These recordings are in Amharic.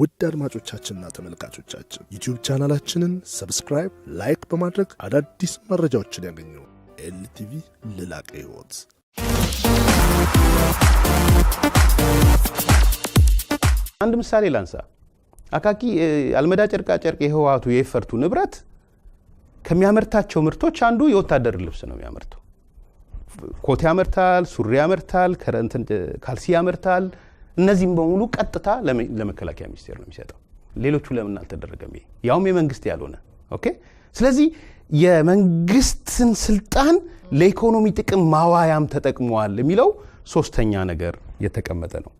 ውድ አድማጮቻችንና ተመልካቾቻችን ዩቲዩብ ቻናላችንን ሰብስክራይብ፣ ላይክ በማድረግ አዳዲስ መረጃዎችን ያገኙ። ኤልቲቪ ልላቀ ህይወት አንድ ምሳሌ ላንሳ። አካኪ አልመዳ ጨርቃ ጨርቅ የህወሓቱ የይፈርቱ ንብረት ከሚያመርታቸው ምርቶች አንዱ የወታደር ልብስ ነው የሚያመርተው። ኮት ያመርታል፣ ሱሪ ያመርታል፣ ከረንት ካልሲ ያመርታል። እነዚህም በሙሉ ቀጥታ ለመከላከያ ሚኒስቴር ነው የሚሰጠው። ሌሎቹ ለምን አልተደረገም? ይሄ ያውም የመንግስት ያልሆነ ኦኬ። ስለዚህ የመንግስትን ስልጣን ለኢኮኖሚ ጥቅም ማዋያም ተጠቅመዋል የሚለው ሶስተኛ ነገር የተቀመጠ ነው።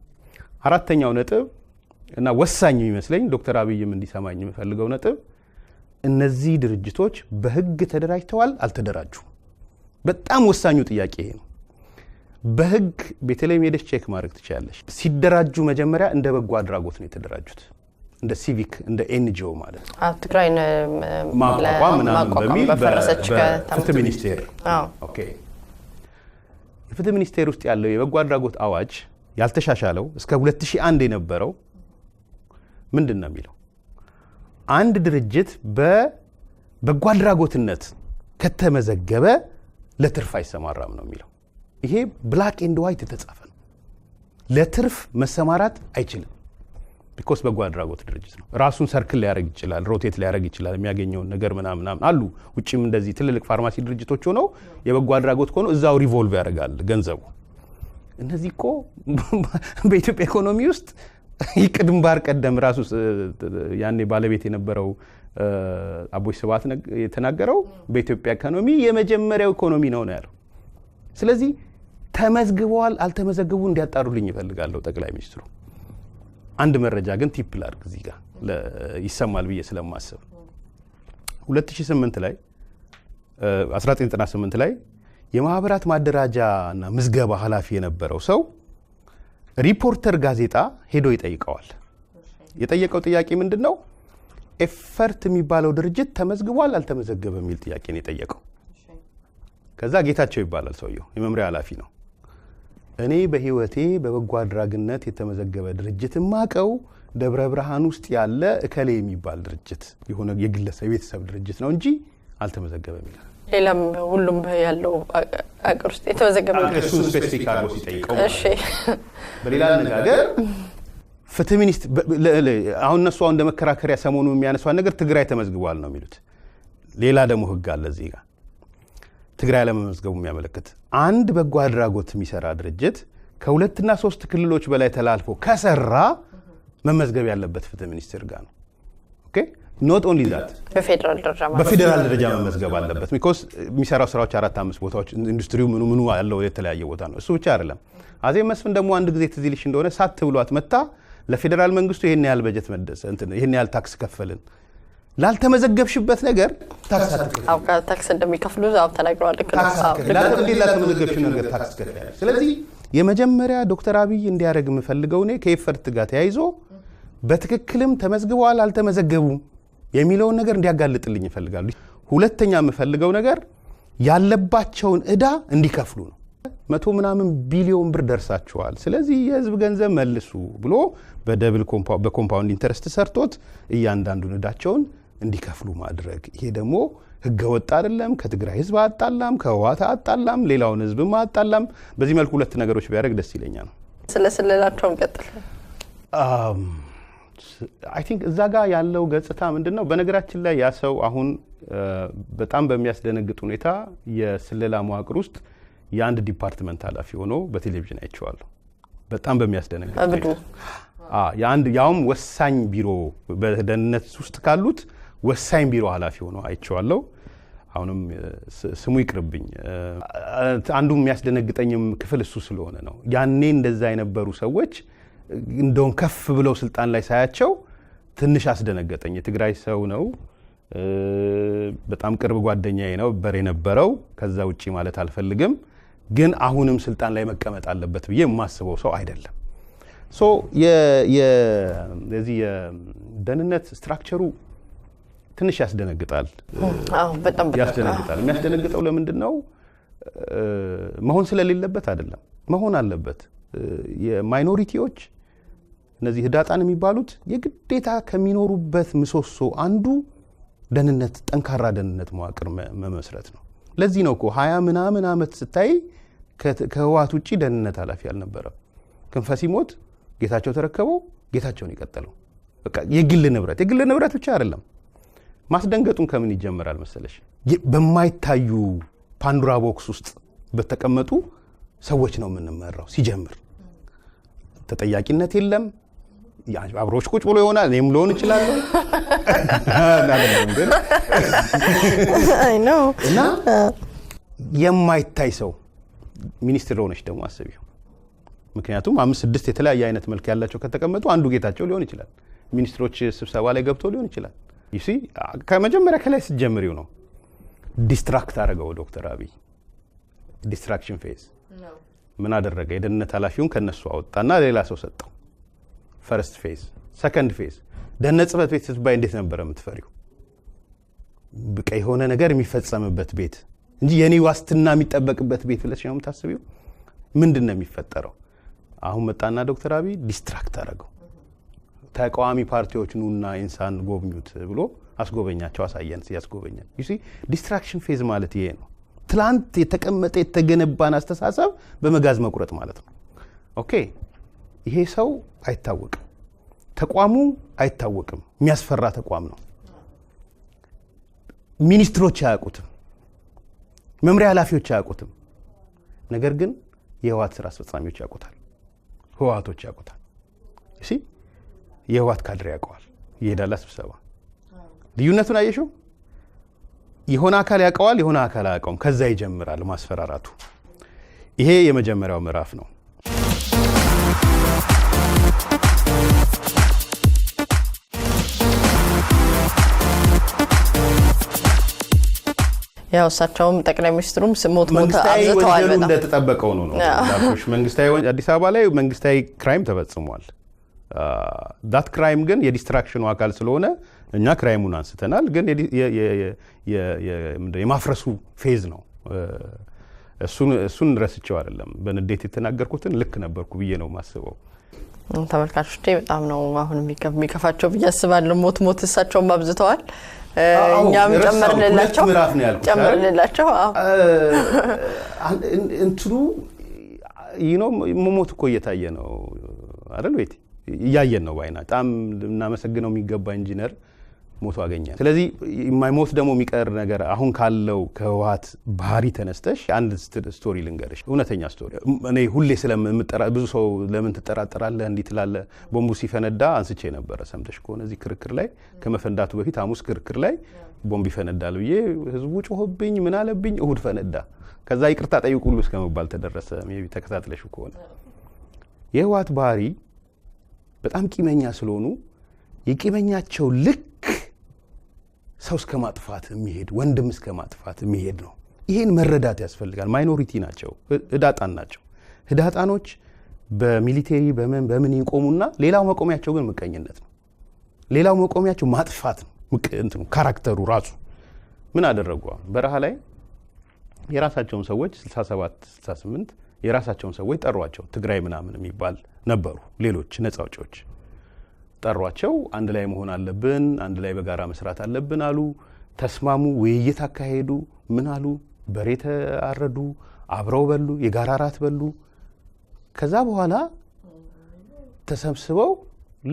አራተኛው ነጥብ እና ወሳኝ የሚመስለኝ ዶክተር አብይም እንዲሰማኝ የምፈልገው ነጥብ እነዚህ ድርጅቶች በህግ ተደራጅተዋል አልተደራጁም? በጣም ወሳኙ ጥያቄ ይሄ ነው። በህግ ቤተለይም ሄደች ቼክ ማድረግ ትችላለች። ሲደራጁ መጀመሪያ እንደ በጎ አድራጎት ነው የተደራጁት እንደ ሲቪክ እንደ ኤንጂኦ ማለት ነው። ትግራይን ማቋቋም ምናምን በሚል በፍትህ ሚኒስቴር የፍትህ ሚኒስቴር ውስጥ ያለው የበጎ አድራጎት አዋጅ ያልተሻሻለው እስከ 2001 የነበረው ምንድን ነው የሚለው አንድ ድርጅት በበጎ አድራጎትነት ከተመዘገበ ለትርፍ አይሰማራም ነው የሚለው ይሄ ብላክ ኤንድ ዋይት የተጻፈ ነው። ለትርፍ መሰማራት አይችልም። ቢኮስ በጎ አድራጎት ድርጅት ነው። ራሱን ሰርክል ሊያደርግ ይችላል፣ ሮቴት ሊያደርግ ይችላል። የሚያገኘውን ነገር ምናምናምን አሉ። ውጭም እንደዚህ ትልልቅ ፋርማሲ ድርጅቶች ሆነው የበጎ አድራጎት ከሆኑ እዛው ሪቮልቭ ያደርጋል ገንዘቡ። እነዚህ እኮ በኢትዮጵያ ኢኮኖሚ ውስጥ ይቅድም ባር ቀደም ራሱ ያኔ ባለቤት የነበረው አቦይ ስብሐት የተናገረው በኢትዮጵያ ኢኮኖሚ የመጀመሪያው ኢኮኖሚ ነው ነው ያለው። ስለዚህ ተመዝግበዋል አልተመዘገቡ እንዲያጣሩልኝ ይፈልጋለሁ ጠቅላይ ሚኒስትሩ። አንድ መረጃ ግን ቲፕ ላርግ እዚህ ጋር ይሰማል ብዬ ስለማስብ 2008 ላይ 1998 ላይ የማህበራት ማደራጃና ምዝገባ ኃላፊ የነበረው ሰው ሪፖርተር ጋዜጣ ሄዶ ይጠይቀዋል። የጠየቀው ጥያቄ ምንድን ነው? ኤፈርት የሚባለው ድርጅት ተመዝግቧል አልተመዘገበ የሚል ጥያቄ ነው የጠየቀው። ከዛ ጌታቸው ይባላል ሰውየው፣ የመምሪያ ኃላፊ ነው። እኔ በህይወቴ በበጎ አድራግነት የተመዘገበ ድርጅት ማቀው ደብረ ብርሃን ውስጥ ያለ እከሌ የሚባል ድርጅት የሆነ የግለሰብ የቤተሰብ ድርጅት ነው እንጂ አልተመዘገበም ይላል። ሌላም ሁሉም ያለው አገር ውስጥ የተመዘገበ እሱ ስፔሲፊክ አድርጎ ሲጠይቀው በሌላ አነጋገር ፍትህ ሚኒስትር አሁን እነሱ አሁን እንደ መከራከሪያ ሰሞኑ የሚያነሷን ነገር ትግራይ ተመዝግቧል ነው የሚሉት። ሌላ ደግሞ ህግ አለ እዚህ ጋር ትግራይ አለመመዝገቡ የሚያመለክት አንድ በጎ አድራጎት የሚሰራ ድርጅት ከሁለትና ሶስት ክልሎች በላይ ተላልፎ ከሰራ መመዝገብ ያለበት ፍትህ ሚኒስቴር ጋር ነው። ኦኬ ኖት ኦንሊ ዛት በፌዴራል ደረጃ መመዝገብ አለበት። ቢኮዝ የሚሰራው ስራዎች አራት አምስት ቦታዎች ኢንዱስትሪው ምኑ ምኑ ያለው የተለያየ ቦታ ነው። እሱ ብቻ አይደለም። አዜ መስፍን ደግሞ አንድ ጊዜ ትዝ ይልሽ እንደሆነ ሳት ብሏት መታ ለፌዴራል መንግስቱ ይህን ያህል በጀት መደሰ ይህን ያህል ታክስ ከፈልን ላልተመዘገብሽበት ነገር ታክስ እንደሚከፍሉ ተነግሯል። ነገር ታክስ ስለዚህ የመጀመሪያ ዶክተር አብይ እንዲያደርግ የምፈልገው እኔ ከኤፈርት ጋር ተያይዞ በትክክልም ተመዝግበዋል አልተመዘገቡም የሚለውን ነገር እንዲያጋልጥልኝ ይፈልጋሉ። ሁለተኛ የምፈልገው ነገር ያለባቸውን እዳ እንዲከፍሉ ነው። መቶ ምናምን ቢሊዮን ብር ደርሳችኋል፣ ስለዚህ የህዝብ ገንዘብ መልሱ ብሎ በደብል በኮምፓውንድ ኢንተረስት ሰርቶት እያንዳንዱን እዳቸውን እንዲከፍሉ ማድረግ። ይሄ ደግሞ ህገ ወጥ አይደለም። ከትግራይ ህዝብ አጣላም፣ ከህወሓት አጣላም፣ ሌላውን ህዝብም አጣላም። በዚህ መልኩ ሁለት ነገሮች ቢያደርግ ደስ ነው። ስለ ስለላቸውም ቀጥል። አይ ቲንክ እዛ ጋር ያለው ገጽታ ምንድን ነው? በነገራችን ላይ ያ ሰው አሁን በጣም በሚያስደነግጥ ሁኔታ የስለላ መዋቅር ውስጥ የአንድ ዲፓርትመንት ኃላፊ ሆኖ በቴሌቪዥን አይቼዋለሁ። በጣም በሚያስደነግጥ ያውም ወሳኝ ቢሮ በደህንነት ውስጥ ካሉት ወሳኝ ቢሮ ኃላፊ ሆኖ አይቼዋለሁ። አሁንም ስሙ ይቅርብኝ። አንዱ የሚያስደነግጠኝም ክፍል እሱ ስለሆነ ነው። ያኔ እንደዛ የነበሩ ሰዎች እንደውም ከፍ ብለው ስልጣን ላይ ሳያቸው ትንሽ አስደነገጠኝ። የትግራይ ሰው ነው። በጣም ቅርብ ጓደኛዬ ነው በር የነበረው። ከዛ ውጭ ማለት አልፈልግም፣ ግን አሁንም ስልጣን ላይ መቀመጥ አለበት ብዬ የማስበው ሰው አይደለም። ሶ የዚህ የደህንነት ስትራክቸሩ ትንሽ ያስደነግጣል ያስደነግጣል። የሚያስደነግጠው ለምንድን ነው? መሆን ስለሌለበት አይደለም፣ መሆን አለበት። የማይኖሪቲዎች እነዚህ ህዳጣን የሚባሉት የግዴታ ከሚኖሩበት ምሰሶ አንዱ ደህንነት፣ ጠንካራ ደህንነት መዋቅር መመስረት ነው። ለዚህ ነው እኮ ሀያ ምናምን ዓመት ስታይ ከህዋት ውጭ ደህንነት ኃላፊ አልነበረም። ክንፈ ሲሞት ጌታቸው ተረከበው፣ ጌታቸውን ይቀጠለው የግል ንብረት የግል ንብረት ብቻ አይደለም ማስደንገጡን ከምን ይጀምራል መሰለሽ? በማይታዩ ፓንዶራ ቦክስ ውስጥ በተቀመጡ ሰዎች ነው የምንመራው። ሲጀምር ተጠያቂነት የለም። አብሮች ቁጭ ብሎ ይሆናል። እኔም ልሆን እችላለሁ እና የማይታይ ሰው ሚኒስትር ሆነች ደግሞ አስቢው። ምክንያቱም አምስት ስድስት የተለያየ አይነት መልክ ያላቸው ከተቀመጡ አንዱ ጌታቸው ሊሆን ይችላል። ሚኒስትሮች ስብሰባ ላይ ገብቶ ሊሆን ይችላል። ይሲ uh, ከመጀመሪያ ከላይ ስትጀምሪው ነው ዲስትራክት አደረገው ዶክተር አብይ ዲስትራክሽን ፌዝ ምን አደረገ የደህንነት ኃላፊውን ከነሱ አወጣና ሌላ ሰው ሰጠው ፈርስት ፌዝ ሰከንድ ፌዝ ደህንነት ጽህፈት ቤት ስትባይ እንዴት ነበረ የምትፈሪው በቃ የሆነ ነገር የሚፈጸምበት ቤት እንጂ የኔ ዋስትና የሚጠበቅበት ቤት ብለሽ ነው የምታስቢው ምንድን ነው የሚፈጠረው አሁን መጣና ዶክተር አብይ ዲስትራክት አደረገው ተቃዋሚ ፓርቲዎች ኑና ኢንሳን ጎብኙት ብሎ አስጎበኛቸው፣ አሳየን ያስጎበኛል። ዲስትራክሽን ፌዝ ማለት ይሄ ነው። ትላንት የተቀመጠ የተገነባን አስተሳሰብ በመጋዝ መቁረጥ ማለት ነው። ኦኬ ይሄ ሰው አይታወቅም፣ ተቋሙ አይታወቅም። የሚያስፈራ ተቋም ነው። ሚኒስትሮች አያውቁትም፣ መምሪያ ኃላፊዎች አያውቁትም። ነገር ግን የህወሓት ስራ አስፈጻሚዎች ያውቁታል፣ ህወሓቶች ያውቁታል። የህዋት ካድሬ ያውቀዋል። ይሄዳላ ስብሰባ ልዩነቱን አየሹ የሆነ አካል ያውቀዋል፣ የሆነ አካል አያውቀውም። ከዛ ይጀምራል ማስፈራራቱ። ይሄ የመጀመሪያው ምዕራፍ ነው። ያው እሳቸውም ጠቅላይ ሚኒስትሩም ስሞት ሞት እንደተጠበቀው ነው ነው። አዲስ አበባ ላይ መንግስታዊ ክራይም ተፈጽሟል። ዳት ክራይም ግን የዲስትራክሽኑ አካል ስለሆነ እኛ ክራይሙን አንስተናል፣ ግን የማፍረሱ ፌዝ ነው። እሱን ረስቸው አይደለም። በንዴት የተናገርኩትን ልክ ነበርኩ ብዬ ነው ማስበው። ተመልካቾቼ በጣም ነው አሁን የሚከፋቸው ብዬ አስባለሁ። ሞት ሞት እሳቸውም አብዝተዋል፣ እኛም ጨመርንላቸው ጨመርንላቸው። እንትኑ ይኖ መሞት እኮ እየታየ ነው አይደል ቤቴ እያየን ነው ባይና በጣም ልናመሰግነው የሚገባ ኢንጂነር ሞቶ አገኘ። ስለዚህ የማይሞት ደግሞ የሚቀር ነገር አሁን ካለው ከህወሀት ባህሪ ተነስተሽ አንድ ስቶሪ ልንገርሽ፣ እውነተኛ ስቶሪ። እኔ ሁሌ ስለምጠራ ብዙ ሰው ለምን ትጠራጠራለህ እንዲህ ትላለህ። ቦምቡ ሲፈነዳ አንስቼ ነበረ፣ ሰምተሽ ከሆነ እዚህ ክርክር ላይ ከመፈንዳቱ በፊት ሐሙስ ክርክር ላይ ቦምብ ይፈነዳል ብዬ ህዝቡ ጮሆብኝ ምን አለብኝ፣ እሁድ ፈነዳ። ከዛ ይቅርታ ጠይቁ ሁሉ እስከመባል ተደረሰ። ተከታትለሽ ከሆነ የህወሀት ባህሪ በጣም ቂመኛ ስለሆኑ የቂመኛቸው ልክ ሰው እስከ ማጥፋት የሚሄድ ወንድም እስከ ማጥፋት የሚሄድ ነው። ይህን መረዳት ያስፈልጋል። ማይኖሪቲ ናቸው፣ ህዳጣን ናቸው። ህዳጣኖች በሚሊቴሪ በምን በምን ይቆሙና ሌላው መቆሚያቸው ግን ምቀኝነት ነው። ሌላው መቆሚያቸው ማጥፋት ነው። ካራክተሩ ራሱ ምን አደረጉ? በረሃ ላይ የራሳቸውን ሰዎች 67 68 የራሳቸውን ሰዎች ጠሯቸው። ትግራይ ምናምን የሚባል ነበሩ፣ ሌሎች ነጻ አውጪዎች ጠሯቸው። አንድ ላይ መሆን አለብን፣ አንድ ላይ በጋራ መስራት አለብን አሉ። ተስማሙ። ውይይት አካሄዱ። ምን አሉ? በሬ ተአረዱ፣ አብረው በሉ፣ የጋራ ራት በሉ። ከዛ በኋላ ተሰብስበው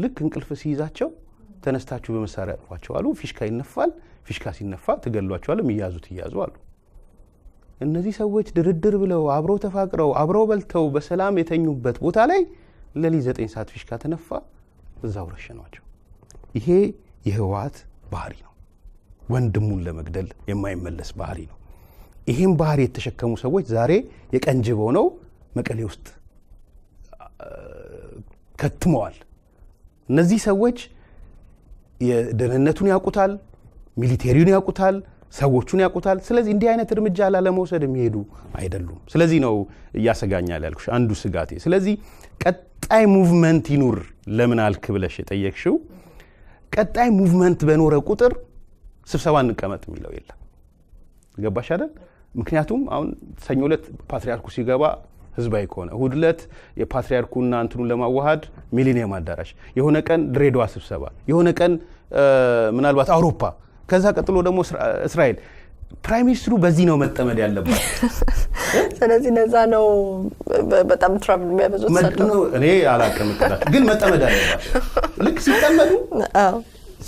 ልክ እንቅልፍ ሲይዛቸው ተነስታችሁ በመሳሪያ አጥፏቸው አሉ። ፊሽካ ይነፋል። ፊሽካ ሲነፋ ትገሏቸዋል። የሚያዙት እያዙ አሉ። እነዚህ ሰዎች ድርድር ብለው አብረው ተፋቅረው አብረው በልተው በሰላም የተኙበት ቦታ ላይ ለሊት ዘጠኝ ሰዓት ፊሽካ ተነፋ፣ እዛው ረሸኗቸው። ይሄ የህወሓት ባህሪ ነው። ወንድሙን ለመግደል የማይመለስ ባህሪ ነው። ይህም ባህሪ የተሸከሙ ሰዎች ዛሬ የቀንጅብ ሆነው መቀሌ ውስጥ ከትመዋል። እነዚህ ሰዎች የደህንነቱን ያውቁታል፣ ሚሊቴሪውን ያውቁታል። ሰዎቹን ያውቁታል። ስለዚህ እንዲህ አይነት እርምጃ ላለመውሰድ የሚሄዱ አይደሉም። ስለዚህ ነው እያሰጋኛል ያልኩሽ አንዱ ስጋቴ። ስለዚህ ቀጣይ ሙቭመንት ይኑር ለምን አልክ ብለሽ የጠየቅሽው ቀጣይ ሙቭመንት በኖረ ቁጥር ስብሰባ እንቀመጥ የሚለው የለም። ገባሽ አይደል? ምክንያቱም አሁን ሰኞ ዕለት ፓትሪያርኩ ሲገባ ህዝባዊ ከሆነ እሁድ ዕለት የፓትሪያርኩና እንትኑን ለማዋሃድ ሚሊኒየም አዳራሽ፣ የሆነ ቀን ድሬዳዋ ስብሰባ፣ የሆነ ቀን ምናልባት አውሮፓ ከዛ ቀጥሎ ደግሞ እስራኤል ፕራይም ሚኒስትሩ በዚህ ነው መጠመድ ያለባት። ስለዚህ ነዛ ነው በጣም ትራምፕ የሚያበዙት ነው። እኔ አላውቅም፣ ግን መጠመድ አለባቸው። ልክ ሲጠመዱ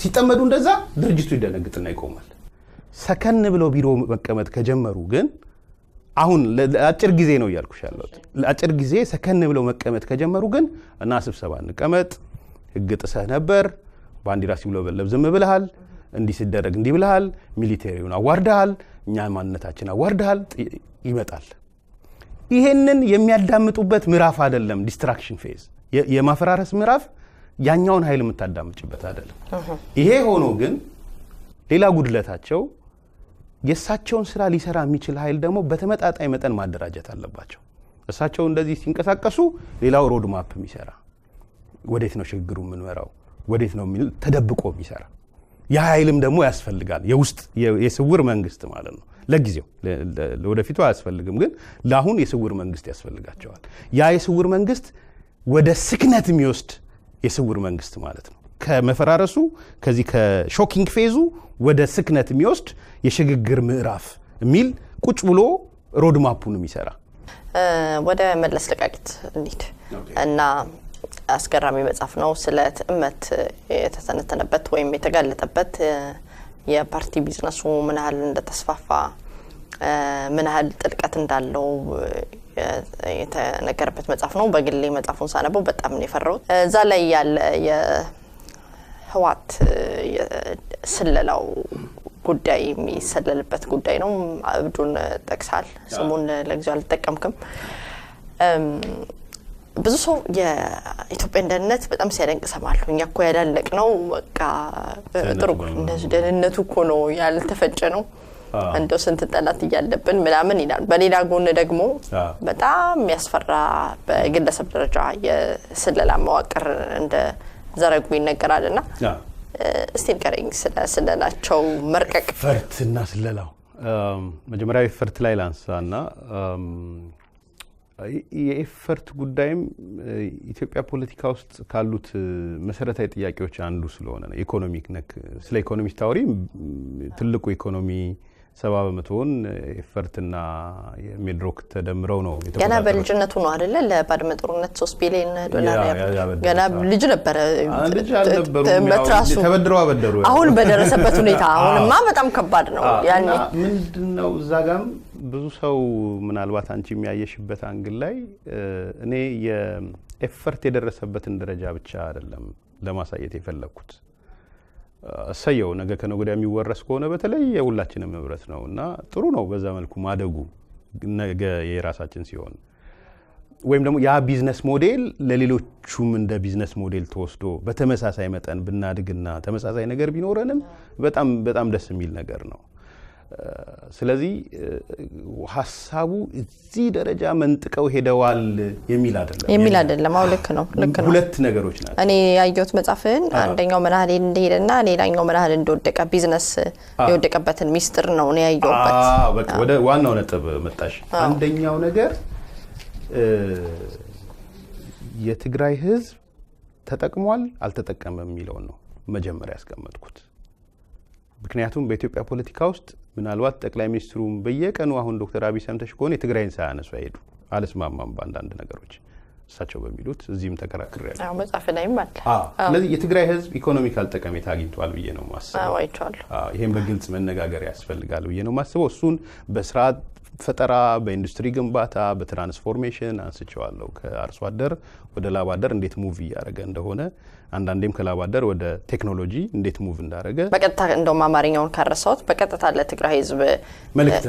ሲጠመዱ እንደዛ ድርጅቱ ይደነግጥና ይቆማል። ሰከን ብለው ቢሮ መቀመጥ ከጀመሩ ግን አሁን ለአጭር ጊዜ ነው እያልኩሽ ያለሁት። ለአጭር ጊዜ ሰከን ብለው መቀመጥ ከጀመሩ ግን እና ስብሰባ እንቀመጥ፣ ህግ ጥሰህ ነበር፣ ባንዲራ ሲውለበለብ ዝም ብልሃል እንዲህ ሲደረግ እንዲህ ብልሃል፣ ሚሊቴሪውን አዋርደሃል፣ እኛ ማንነታችን አዋርደሃል ይመጣል። ይሄንን የሚያዳምጡበት ምዕራፍ አይደለም። ዲስትራክሽን ፌዝ የማፈራረስ ምዕራፍ ያኛውን ኃይል የምታዳምጭበት አይደለም። ይሄ ሆኖ ግን ሌላ ጉድለታቸው የእሳቸውን ስራ ሊሰራ የሚችል ኃይል ደግሞ በተመጣጣኝ መጠን ማደራጀት አለባቸው። እሳቸው እንደዚህ ሲንቀሳቀሱ ሌላው ሮድማፕ የሚሰራ ወዴት ነው ሽግግሩ የምንመራው ወዴት ነው የሚል ተደብቆ የሚሰራ ኃይልም ደግሞ ያስፈልጋል። የውስጥ የስውር መንግስት ማለት ነው። ለጊዜው ለወደፊቱ አያስፈልግም፣ ግን ለአሁን የስውር መንግስት ያስፈልጋቸዋል። ያ የስውር መንግስት ወደ ስክነት የሚወስድ የስውር መንግስት ማለት ነው። ከመፈራረሱ ከዚህ ከሾኪንግ ፌዙ ወደ ስክነት የሚወስድ የሽግግር ምዕራፍ የሚል ቁጭ ብሎ ሮድማፑን የሚሰራ ወደ መለስ ለቃቂት እንሂድ እና አስገራሚ መጽሐፍ ነው። ስለ ትዕመት የተሰነተነበት ወይም የተጋለጠበት የፓርቲ ቢዝነሱ ምን ያህል እንደተስፋፋ ምን ያህል ጥልቀት እንዳለው የተነገረበት መጽሐፍ ነው። በግሌ መጽሐፉን ሳነበው በጣም ነው የፈራሁት። እዛ ላይ ያለ የህዋት ስለላው ጉዳይ የሚሰለልበት ጉዳይ ነው። እብዱን ጠቅሳል። ስሙን ለጊዜው አልጠቀምክም። ብዙ ሰው የኢትዮጵያን ደህንነት በጣም ሲያደንቅ ሰማሉ እኛ እኮ ያዳለቅ ነው በቃ ጥሩ ደህንነቱ እኮ ነው ያልተፈጨ ነው እንደው ስንት ጠላት እያለብን ምናምን ይላል። በሌላ ጎን ደግሞ በጣም የሚያስፈራ በግለሰብ ደረጃ የስለላ መዋቅር እንደ ዘረጉ ይነገራል። ና እስቲ ንቀረኝ ስለ ስለላቸው መርቀቅ። እና ስለላው መጀመሪያዊ ፍርት ላይ ላንሳ ና የኤፈርት ጉዳይም ኢትዮጵያ ፖለቲካ ውስጥ ካሉት መሰረታዊ ጥያቄዎች አንዱ ስለሆነ ነው። ኢኮኖሚክ ነክ ስለ ኢኮኖሚ ስታወሪ ትልቁ ኢኮኖሚ ሰባ በመቶውን ኤፈርትና ሜድሮክ ተደምረው ነው። ገና በልጅነቱ ነው አደለ? ለባድመ ጦርነት ሶስት ቢሊዮን ዶላር ገና ልጅ ነበረ። ተበድረው አበደሩ። አሁን በደረሰበት ሁኔታ አሁንማ በጣም ከባድ ነው። ያኔ ምንድን ነው እዛ ጋም ብዙ ሰው ምናልባት አንቺ የሚያየሽበት አንግል ላይ እኔ የኤፈርት የደረሰበትን ደረጃ ብቻ አይደለም ለማሳየት የፈለግኩት። እሰየው ነገ ከነገ ወዲያ የሚወረስ ከሆነ በተለይ የሁላችንም ንብረት ነው እና ጥሩ ነው በዛ መልኩ ማደጉ ነገ የራሳችን ሲሆን ወይም ደግሞ ያ ቢዝነስ ሞዴል ለሌሎቹም እንደ ቢዝነስ ሞዴል ተወስዶ በተመሳሳይ መጠን ብናድግና ተመሳሳይ ነገር ቢኖረንም በጣም በጣም ደስ የሚል ነገር ነው። ስለዚህ ሀሳቡ እዚህ ደረጃ መንጥቀው ሄደዋል የሚል አደለም የሚል አደለም አዎ ልክ ነው ልክ ነው። ሁለት ነገሮች ናቸው። እኔ ያየሁት መጽሐፍን አንደኛው መናህል እንደሄደ እንደሄደና ሌላኛው መናህል እንደወደቀ ቢዝነስ የወደቀበትን ሚስጥር ነው እኔ ያየሁበት። ወደ ዋናው ነጥብ መጣሽ። አንደኛው ነገር የትግራይ ህዝብ ተጠቅሟል አልተጠቀመም የሚለውን ነው መጀመሪያ ያስቀመጥኩት። ምክንያቱም በኢትዮጵያ ፖለቲካ ውስጥ ምናልባት ጠቅላይ ሚኒስትሩም በየቀኑ አሁን ዶክተር አብይ ሰምተሽ ከሆነ የትግራይን ሳያነሱ አይሄዱ። አልስማማም በአንዳንድ ነገሮች እሳቸው በሚሉት እዚህም ያለ መጽሐፍ ላይም አለ። ስለዚህ የትግራይ ህዝብ ኢኮኖሚካል ጠቀሜታ አግኝቷል ብዬ ነው ማስበው። ይህም በግልጽ መነጋገር ያስፈልጋል ብዬ ነው ማስበው። እሱን በስርዓት ፈጠራ፣ በኢንዱስትሪ ግንባታ፣ በትራንስፎርሜሽን አንስቸዋለሁ። ከአርሶ አደር ወደ ላብ አደር እንዴት ሙቭ እያደረገ እንደሆነ አንዳንዴም ከላብ አደር ወደ ቴክኖሎጂ እንዴት ሙቭ እንዳደረገ በቀጥታ እንደውም አማርኛውን ካረሳሁት በቀጥታ ለትግራይ ሕዝብ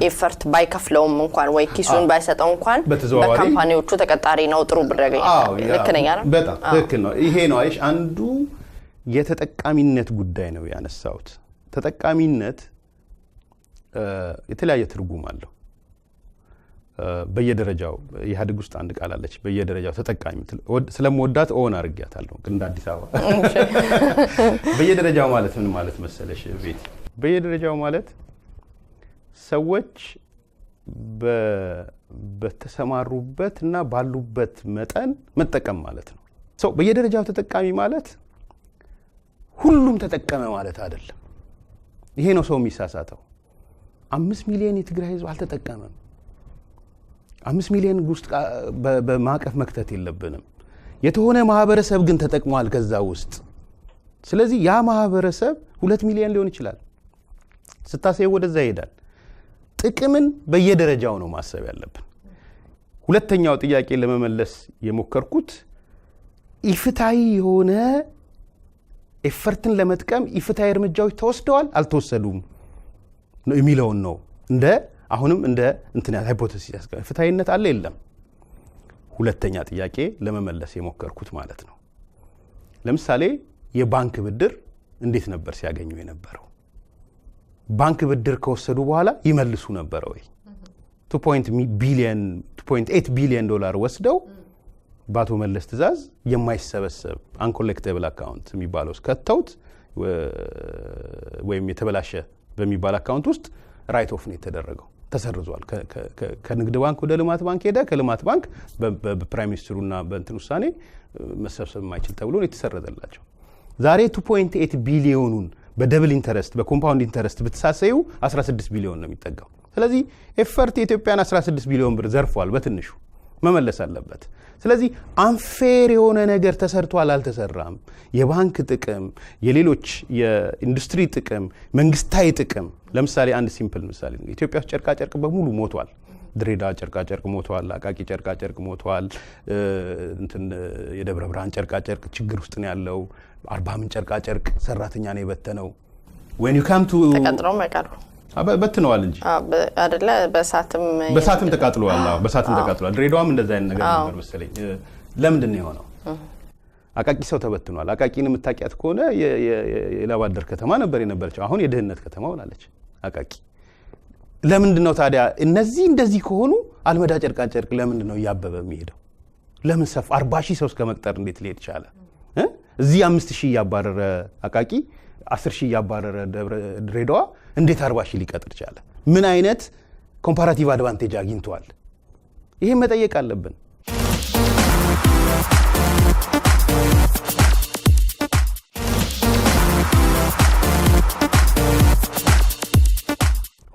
ኤፈርት ባይከፍለውም እንኳን ወይ ኪሱን ባይሰጠው እንኳን በካምፓኒዎቹ ተቀጣሪ ነው፣ ጥሩ ብር ያገኛል። ልክ ነኝ? በጣም ትክክል ነው። ይሄ ነው አይሽ አንዱ የተጠቃሚነት ጉዳይ ነው ያነሳሁት። ተጠቃሚነት የተለያየ ትርጉም አለው። በየደረጃው ኢህአዴግ ውስጥ አንድ ቃል አለች፣ በየደረጃው ተጠቃሚ ስለምወዳት ኦን አድርጊያታለሁ። ግን እንደ አዲስ አበባ በየደረጃው ማለት ምን ማለት መሰለሽ? ቤት በየደረጃው ማለት ሰዎች በተሰማሩበት እና ባሉበት መጠን መጠቀም ማለት ነው። ሰው በየደረጃው ተጠቃሚ ማለት ሁሉም ተጠቀመ ማለት አይደለም። ይሄ ነው ሰው የሚሳሳተው። አምስት ሚሊዮን የትግራይ ህዝብ አልተጠቀመም። አምስት ሚሊዮን ውስጥ በማዕቀፍ መክተት የለብንም። የተሆነ ማህበረሰብ ግን ተጠቅሟል ከዛ ውስጥ። ስለዚህ ያ ማህበረሰብ ሁለት ሚሊዮን ሊሆን ይችላል። ስታሰይ ወደዛ ይሄዳል። ጥቅምን በየደረጃው ነው ማሰብ ያለብን። ሁለተኛው ጥያቄ ለመመለስ የሞከርኩት ኢፍታዊ የሆነ ኤፈርትን ለመጥቀም ኢፍታዊ እርምጃዎች ተወስደዋል አልተወሰዱም የሚለውን ነው እንደ አሁንም እንደ እንትን ሃይፖቴሲስ ያስቀ ፍትሐዊነት አለ የለም ሁለተኛ ጥያቄ ለመመለስ የሞከርኩት ማለት ነው ለምሳሌ የባንክ ብድር እንዴት ነበር ሲያገኙ የነበረው ባንክ ብድር ከወሰዱ በኋላ ይመልሱ ነበረ ወይ 2.8 ቢሊዮን ዶላር ወስደው በአቶ መለስ ትእዛዝ የማይሰበሰብ አንኮሌክተብል አካውንት የሚባለው ከተውት ወይም የተበላሸ በሚባል አካውንት ውስጥ ራይት ኦፍ ነው የተደረገው ተሰርዟል። ከንግድ ባንክ ወደ ልማት ባንክ ሄደ። ከልማት ባንክ በፕራይም ሚኒስትሩና በእንትን ውሳኔ መሰብሰብ የማይችል ተብሎ የተሰረዘላቸው ዛሬ 2.8 ቢሊዮኑን በደብል ኢንተረስት በኮምፓውንድ ኢንተረስት ብትሳሰዩ 16 ቢሊዮን ነው የሚጠጋው። ስለዚህ ኤፈርት የኢትዮጵያን 16 ቢሊዮን ብር ዘርፏል በትንሹ መመለስ አለበት። ስለዚህ አንፌር የሆነ ነገር ተሰርቷል አልተሰራም፣ የባንክ ጥቅም፣ የሌሎች የኢንዱስትሪ ጥቅም፣ መንግስታዊ ጥቅም። ለምሳሌ አንድ ሲምፕል ምሳሌ ኢትዮጵያ ውስጥ ጨርቃጨርቅ በሙሉ ሞቷል። ድሬዳ ጨርቃጨርቅ ሞቷል። አቃቂ ጨርቃጨርቅ ሞቷል። እንትን የደብረ ብርሃን ጨርቃጨርቅ ችግር ውስጥ ነው ያለው። አርባ ጨርቃጨርቅ ሰራተኛ ነው የበተነው። ወን ዩ ካም ቱ በትነዋል እንጂ አይደለ? በሳትም በሳትም ተቃጥሏል። በሳትም ተቃጥሏል። ድሬዳዋም እንደዚ አይነት ነገር ነበር መሰለኝ። ለምንድን ነው የሆነው? አቃቂ ሰው ተበትኗል። አቃቂን የምታውቂያት ከሆነ የላባደር ከተማ ነበር የነበረችው፣ አሁን የድህነት ከተማ ሆናለች አቃቂ። ለምንድን ነው ታዲያ እነዚህ እንደዚህ ከሆኑ አልመዳ ጨርቃጨርቅ ለምንድን ነው እያበበ የሚሄደው? ለምን ሰፍ አርባ ሺህ ሰው እስከ መቅጠር እንዴት ሊሄድ ቻለ? እዚህ አምስት ሺህ እያባረረ አቃቂ አስር ሺህ እያባረረ ድሬዳዋ እንዴት አርባ ሺህ ሊቀጥር ቻለ? ምን አይነት ኮምፓራቲቭ አድቫንቴጅ አግኝተዋል? ይህም መጠየቅ አለብን።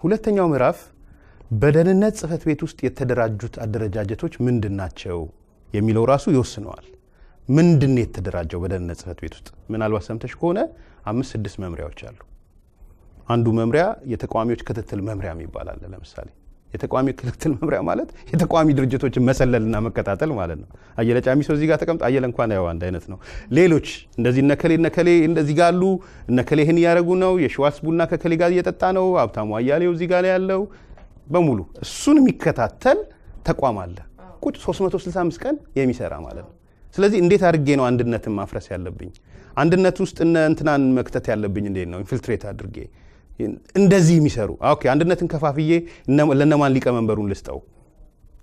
ሁለተኛው ምዕራፍ በደህንነት ጽህፈት ቤት ውስጥ የተደራጁት አደረጃጀቶች ምንድን ናቸው የሚለው ራሱ ይወስነዋል። ምንድን የተደራጀው በደህንነት ጽህፈት ቤት ውስጥ? ምናልባት ሰምተሽ ከሆነ አምስት ስድስት መምሪያዎች አሉ። አንዱ መምሪያ የተቃዋሚዎች ክትትል መምሪያ የሚባል አለ። ለምሳሌ የተቃዋሚ ክትትል መምሪያ ማለት የተቃዋሚ ድርጅቶችን መሰለልና መከታተል ማለት ነው። አየለ ጫሚሶ እዚህ ጋር ተቀምጦ አየለ እንኳን ያው አንድ አይነት ነው። ሌሎች እንደዚህ እነከሌ እነከሌ እንደዚህ ጋር አሉ፣ እነከሌ ይህን እያደረጉ ነው፣ የሸዋስ ቡና ከከሌ ጋር እየጠጣ ነው፣ ሀብታሙ አያሌው እዚህ ጋር ያለው በሙሉ እሱን የሚከታተል ተቋም አለ። ቁጭ 365 ቀን የሚሰራ ማለት ነው። ስለዚህ እንዴት አድርጌ ነው አንድነትን ማፍረስ ያለብኝ? አንድነት ውስጥ እነ እንትናን መክተት ያለብኝ እንዴት ነው? ኢንፊልትሬት አድርጌ እንደዚህ የሚሰሩ ኦኬ፣ አንድነትን ከፋፍዬ ለነማን ሊቀመንበሩን ልስጠው?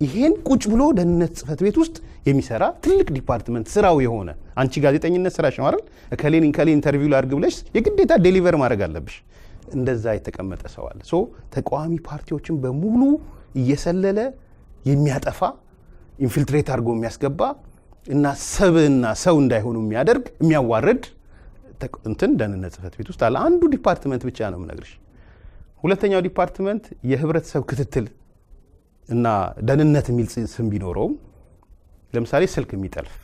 ይሄን ቁጭ ብሎ ደህንነት ጽህፈት ቤት ውስጥ የሚሰራ ትልቅ ዲፓርትመንት ስራው የሆነ አንቺ ጋዜጠኝነት ስራሽ ነው አይደል? እከሌን እከሌ ኢንተርቪው ላድርግ ብለሽ የግዴታ ዴሊቨር ማድረግ አለብሽ። እንደዛ የተቀመጠ ሰው አለ። ሶ ተቃዋሚ ፓርቲዎችን በሙሉ እየሰለለ የሚያጠፋ ኢንፊልትሬት አድርጎ የሚያስገባ እና ሰብህና ሰው እንዳይሆኑ የሚያደርግ የሚያዋርድ እንትን ደህንነት ጽህፈት ቤት ውስጥ አለ። አንዱ ዲፓርትመንት ብቻ ነው የምነግርሽ። ሁለተኛው ዲፓርትመንት የህብረተሰብ ክትትል እና ደህንነት የሚል ስም ቢኖረውም ለምሳሌ ስልክ የሚጠልፍ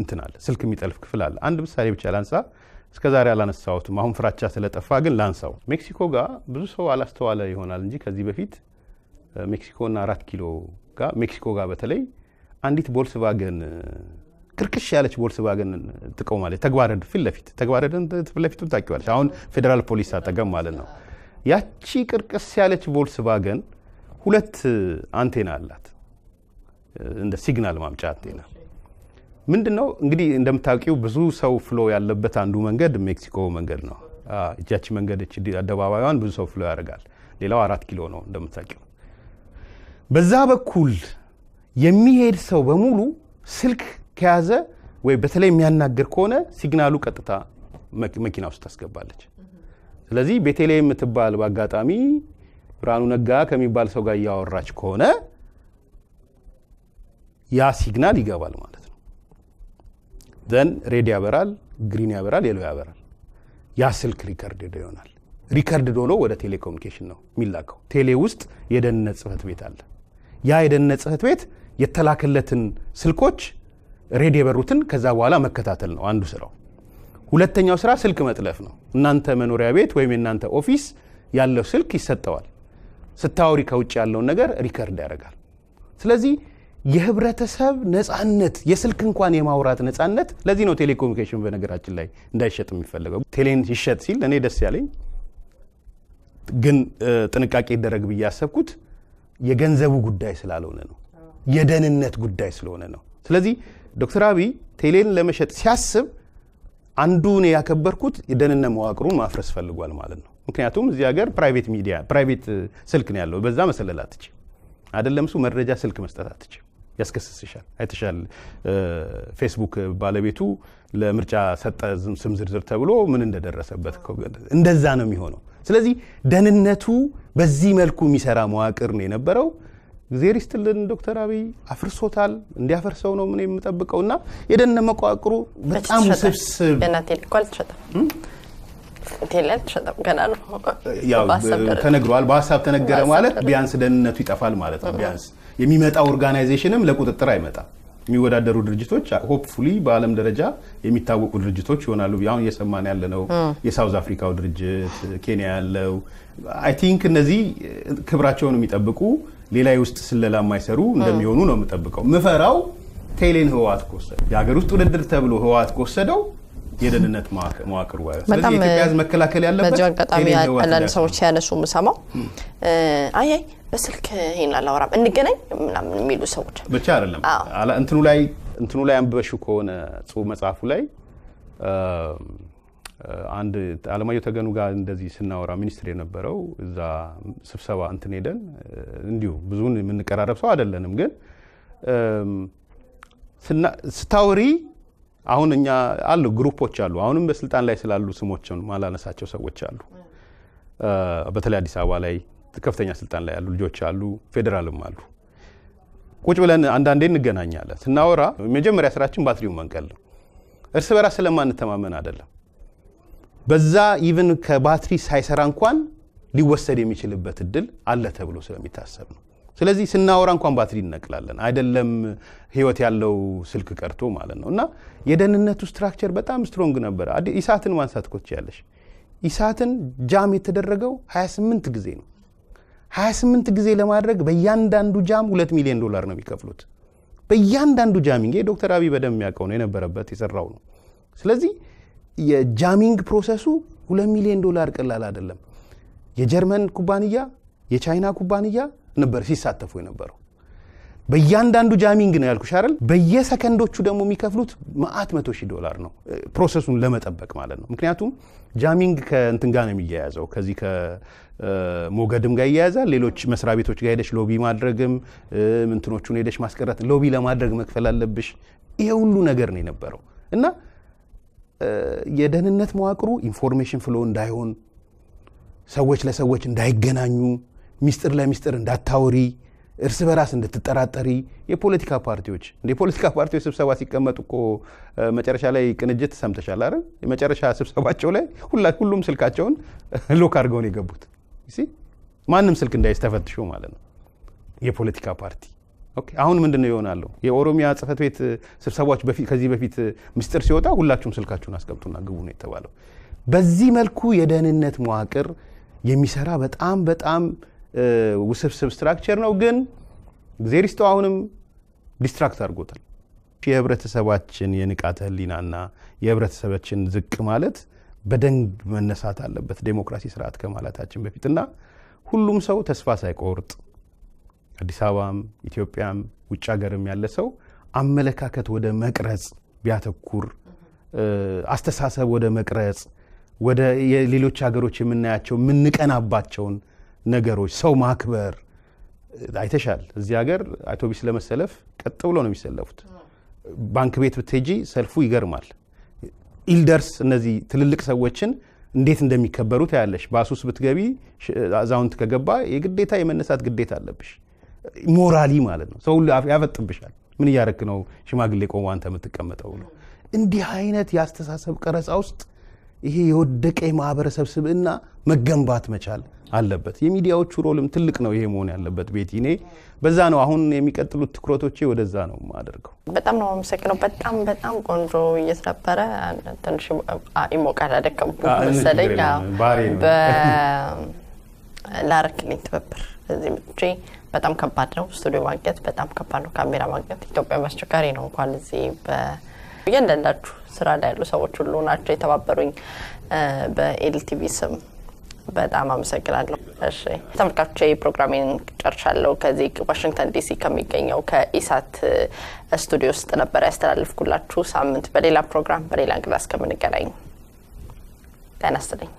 እንትን አለ። ስልክ የሚጠልፍ ክፍል አለ። አንድ ምሳሌ ብቻ ላንሳ። እስከ ዛሬ አላነሳሁትም። አሁን ፍራቻ ስለጠፋ ግን ላንሳው። ሜክሲኮ ጋር ብዙ ሰው አላስተዋለ ይሆናል እንጂ ከዚህ በፊት ሜክሲኮና አራት ኪሎ ጋር ሜክሲኮ ጋር በተለይ አንዲት ቫገን ክርክሽ ያለች ቦልስቫገን ትቆማለች። ተግባረድ ፊት ለፊት ተግባረድን ፊት ለፊቱን ታውቂዋለች። አሁን ፌዴራል ፖሊስ አጠገብ ማለት ነው። ያቺ ቅርቅስ ያለች ቮልስቫገን ሁለት አንቴና አላት፣ እንደ ሲግናል ማምጫ አንቴና። ምንድን ነው እንግዲህ እንደምታውቂው ብዙ ሰው ፍሎ ያለበት አንዱ መንገድ ሜክሲኮ መንገድ ነው። እጃች መንገድ አደባባይዋን ብዙ ሰው ፍሎ ያደርጋል። ሌላው አራት ኪሎ ነው እንደምታውቂው በዛ በኩል የሚሄድ ሰው በሙሉ ስልክ ከያዘ ወይ በተለይ የሚያናግር ከሆነ ሲግናሉ ቀጥታ መኪና ውስጥ ታስገባለች። ስለዚህ ቤቴሌ የምትባል በአጋጣሚ ብርሃኑ ነጋ ከሚባል ሰው ጋር እያወራች ከሆነ ያ ሲግናል ይገባል ማለት ነው። ዘን ሬድ ያበራል፣ ግሪን ያበራል፣ የሎ ያበራል። ያ ስልክ ሪከርድ ይሆናል። ሪከርድ ሆኖ ወደ ቴሌኮሙኒኬሽን ነው የሚላከው። ቴሌ ውስጥ የደህንነት ጽህፈት ቤት አለ። ያ የደህንነት ጽህፈት ቤት የተላከለትን ስልኮች ሬድ የበሩትን ከዛ በኋላ መከታተል ነው አንዱ ስራው። ሁለተኛው ስራ ስልክ መጥለፍ ነው። እናንተ መኖሪያ ቤት ወይም የእናንተ ኦፊስ ያለው ስልክ ይሰጠዋል። ስታወሪ ከውጭ ያለውን ነገር ሪከርድ ያደርጋል። ስለዚህ የህብረተሰብ ነፃነት የስልክ እንኳን የማውራት ነፃነት። ለዚህ ነው ቴሌኮሙኒኬሽን በነገራችን ላይ እንዳይሸጥ የሚፈለገው። ቴሌን ይሸጥ ሲል እኔ ደስ ያለኝ ግን ጥንቃቄ ይደረግ ብዬ ያሰብኩት የገንዘቡ ጉዳይ ስላልሆነ ነው። የደህንነት ጉዳይ ስለሆነ ነው። ስለዚህ ዶክተር አብይ ቴሌን ለመሸጥ ሲያስብ አንዱን ያከበርኩት የደህንነት መዋቅሩን ማፍረስ ፈልጓል ማለት ነው። ምክንያቱም እዚህ ሀገር ፕራይቬት ሚዲያ ፕራይቬት ስልክ ነው ያለው። በዛ መሰለል አትችም፣ አደለም እሱ መረጃ ስልክ መስጠት አትችም፣ ያስከስስሻል። አይተሻል። ፌስቡክ ባለቤቱ ለምርጫ ሰጠ ስም ዝርዝር ተብሎ ምን እንደደረሰበት እንደዛ ነው የሚሆነው። ስለዚህ ደህንነቱ በዚህ መልኩ የሚሰራ መዋቅር ነው የነበረው። እግዜር ይስጥልን ዶክተር አብይ አፍርሶታል። እንዲያፈርሰው ነው ምን የምጠብቀው እና የደን መቋቅሩ በጣም ውስብስብ ተነግሯል። በሀሳብ ተነገረ ማለት ቢያንስ ደህንነቱ ይጠፋል ማለት ነው። ቢያንስ የሚመጣው ኦርጋናይዜሽንም ለቁጥጥር አይመጣም። የሚወዳደሩ ድርጅቶች ሆፕፉሊ በዓለም ደረጃ የሚታወቁ ድርጅቶች ይሆናሉ። አሁን እየሰማን ያለ ነው የሳውዝ አፍሪካው ድርጅት፣ ኬንያ ያለው አይ ቲንክ እነዚህ ክብራቸውን የሚጠብቁ ሌላ የውስጥ ስለላ የማይሰሩ እንደሚሆኑ ነው የምጠብቀው። ምፈራው ቴሌን ህወሓት ከወሰደ የሀገር ውስጥ ውድድር ተብሎ ህወሓት ከወሰደው የደህንነት መዋቅር ዋ ስለዚህ የኢትዮጵያ ህዝብ መከላከል ያለበት በዚሁ አጋጣሚ አንዳንድ ሰዎች ሲያነሱ ምሰማው አያይ በስልክ ይሄን አላወራም እንገናኝ ምናምን የሚሉ ሰዎች ብቻ አይደለም እንትኑ ላይ እንትኑ ላይ አንብበሹ ከሆነ ጽሁፍ መጽሐፉ ላይ አንድ አለማየሁ ተገኑ ጋር እንደዚህ ስናወራ ሚኒስትር የነበረው እዛ ስብሰባ እንትን ሄደን እንዲሁ ብዙውን የምንቀራረብ ሰው አይደለንም፣ ግን ስታወሪ አሁን እኛ አሉ ግሩፖች አሉ። አሁንም በስልጣን ላይ ስላሉ ስሞችን ማላነሳቸው ሰዎች አሉ። በተለይ አዲስ አበባ ላይ ከፍተኛ ስልጣን ላይ ያሉ ልጆች አሉ፣ ፌዴራልም አሉ። ቁጭ ብለን አንዳንዴ እንገናኛለን። ስናወራ መጀመሪያ ስራችን ባትሪው መንቀል ነው። እርስ በራስ ስለማንተማመን አይደለም። በዛ ኢቭን ከባትሪ ሳይሰራ እንኳን ሊወሰድ የሚችልበት እድል አለ ተብሎ ስለሚታሰብ ነው። ስለዚህ ስናወራ እንኳን ባትሪ እንነቅላለን አይደለም ህይወት ያለው ስልክ ቀርቶ ማለት ነው። እና የደህንነቱ ስትራክቸር በጣም ስትሮንግ ነበረ። ኢሳትን ማንሳት ኮች ያለሽ ኢሳትን ጃም የተደረገው 28 ጊዜ ነው። 28 ጊዜ ለማድረግ በእያንዳንዱ ጃም ሁለት ሚሊዮን ዶላር ነው የሚከፍሉት። በእያንዳንዱ ጃሚንግ ዶክተር አብይ በደንብ የሚያውቀው ነው የነበረበት የሰራው ነው። ስለዚህ የጃሚንግ ፕሮሰሱ ሁለት ሚሊዮን ዶላር ቀላል አይደለም። የጀርመን ኩባንያ የቻይና ኩባንያ ነበር ሲሳተፉ የነበረው። በእያንዳንዱ ጃሚንግ ነው ያልኩሽ አይደል? በየሰከንዶቹ ደግሞ የሚከፍሉት መአት መቶ ሺህ ዶላር ነው ፕሮሰሱን ለመጠበቅ ማለት ነው። ምክንያቱም ጃሚንግ ከእንትን ጋር ነው የሚያያዘው፣ ከዚህ ከሞገድም ጋር ይያያዛል። ሌሎች መስሪያ ቤቶች ጋር ሄደሽ ሎቢ ማድረግም እንትኖቹን ሄደሽ ማስቀረት ሎቢ ለማድረግ መክፈል አለብሽ። ይሄ ሁሉ ነገር ነው የነበረው እና የደህንነት መዋቅሩ ኢንፎርሜሽን ፍሎ እንዳይሆን፣ ሰዎች ለሰዎች እንዳይገናኙ፣ ሚስጥር ለሚስጥር እንዳታወሪ፣ እርስ በራስ እንድትጠራጠሪ የፖለቲካ ፓርቲዎች እንደ የፖለቲካ ፓርቲዎች ስብሰባ ሲቀመጡ እኮ መጨረሻ ላይ ቅንጅት ሰምተሻል አይደል? የመጨረሻ ስብሰባቸው ላይ ሁሉም ስልካቸውን ሎክ አድርገውን የገቡት ማንም ስልክ እንዳይስተፈትሹ ማለት ነው የፖለቲካ ፓርቲ አሁን ምንድን ነው ይሆናለሁ? የኦሮሚያ ጽህፈት ቤት ስብሰባዎች ከዚህ በፊት ምስጢር ሲወጣ ሁላችሁም ስልካችሁን አስቀምጡና ግቡ ነው የተባለው። በዚህ መልኩ የደህንነት መዋቅር የሚሰራ በጣም በጣም ውስብስብ ስትራክቸር ነው። ግን ዜሪስቶ አሁንም ዲስትራክት አድርጎታል። የህብረተሰባችን የንቃተ ህሊናና የህብረተሰባችን ዝቅ ማለት በደንብ መነሳት አለበት ዴሞክራሲ ስርዓት ከማለታችን በፊትና ሁሉም ሰው ተስፋ ሳይቆርጥ አዲስ አበባም ኢትዮጵያም ውጭ ሀገርም ያለ ሰው አመለካከት ወደ መቅረጽ ቢያተኩር አስተሳሰብ ወደ መቅረጽ ወደ የሌሎች ሀገሮች የምናያቸው የምንቀናባቸውን ነገሮች ሰው ማክበር አይተሻል። እዚህ ሀገር አውቶቢስ ለመሰለፍ ቀጥ ብሎ ነው የሚሰለፉት። ባንክ ቤት ብትሄጂ ሰልፉ ይገርማል። ኢልደርስ እነዚህ ትልልቅ ሰዎችን እንዴት እንደሚከበሩ ታያለሽ። ባሱስ ብትገቢ አዛውንት ከገባ የግዴታ የመነሳት ግዴታ አለብሽ። ሞራሊ ማለት ነው። ሰው ያፈጥብሻል። ምን እያረክ ነው ሽማግሌ ቆሞ አንተ የምትቀመጠው ነው። እንዲህ አይነት የአስተሳሰብ ቀረጻ ውስጥ ይሄ የወደቀ የማህበረሰብ ስብዕና መገንባት መቻል አለበት። የሚዲያዎቹ ሮልም ትልቅ ነው። ይሄ መሆን ያለበት ቤቲ። እኔ በዛ ነው አሁን የሚቀጥሉት ትኩረቶቼ ወደዛ ነው የማደርገው። በጣም ነው የማመሰግነው። በጣም በጣም ቆንጆ ውይይት ነበረ። ትንሽ ይሞቃል አደከምኩ መሰለኝ። ላረክልኝ ትብብር እዚህ በጣም ከባድ ነው። ስቱዲዮ ማግኘት በጣም ከባድ ነው። ካሜራ ማግኘት ኢትዮጵያ አስቸጋሪ ነው። እንኳን እዚህ እያንዳንዳችሁ ስራ ላይ ያሉ ሰዎች ሁሉ ናቸው የተባበሩኝ። በኤልቲቪ ስም በጣም አመሰግናለሁ። እሺ ተመልካቾቼ ፕሮግራሜን ጨርሻለሁ። ከዚህ ዋሽንግተን ዲሲ ከሚገኘው ከኢሳት ስቱዲዮ ውስጥ ነበር ያስተላልፍኩላችሁ። ሳምንት በሌላ ፕሮግራም በሌላ እንግዳ እስከምንገናኝ ጤና ይስጥልኝ።